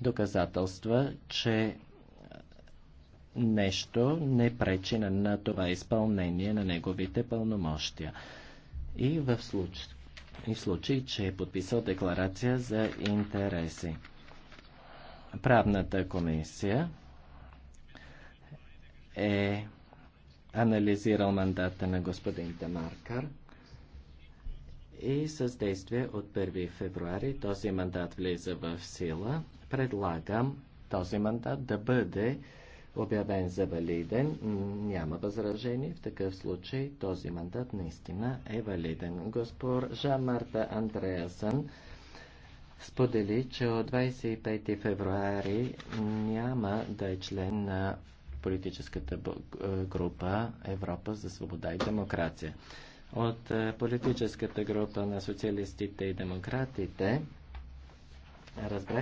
доказателства, че нещо не пречи на, на това изпълнение на неговите пълномощия. И в, случай, и в случай, че е подписал декларация за интереси. Правната комисия е анализирал мандата на господин Демаркар и с действие от 1 февруари този мандат влиза в сила. Предлагам този мандат да бъде обявен за валиден. Няма възражение. В такъв случай този мандат наистина е валиден. Госпожа Марта Андреасън сподели, че от 25 февруари няма да е член на политическата група Европа за свобода и демокрация от е, политическата група на социалистите и демократите. Разбрах,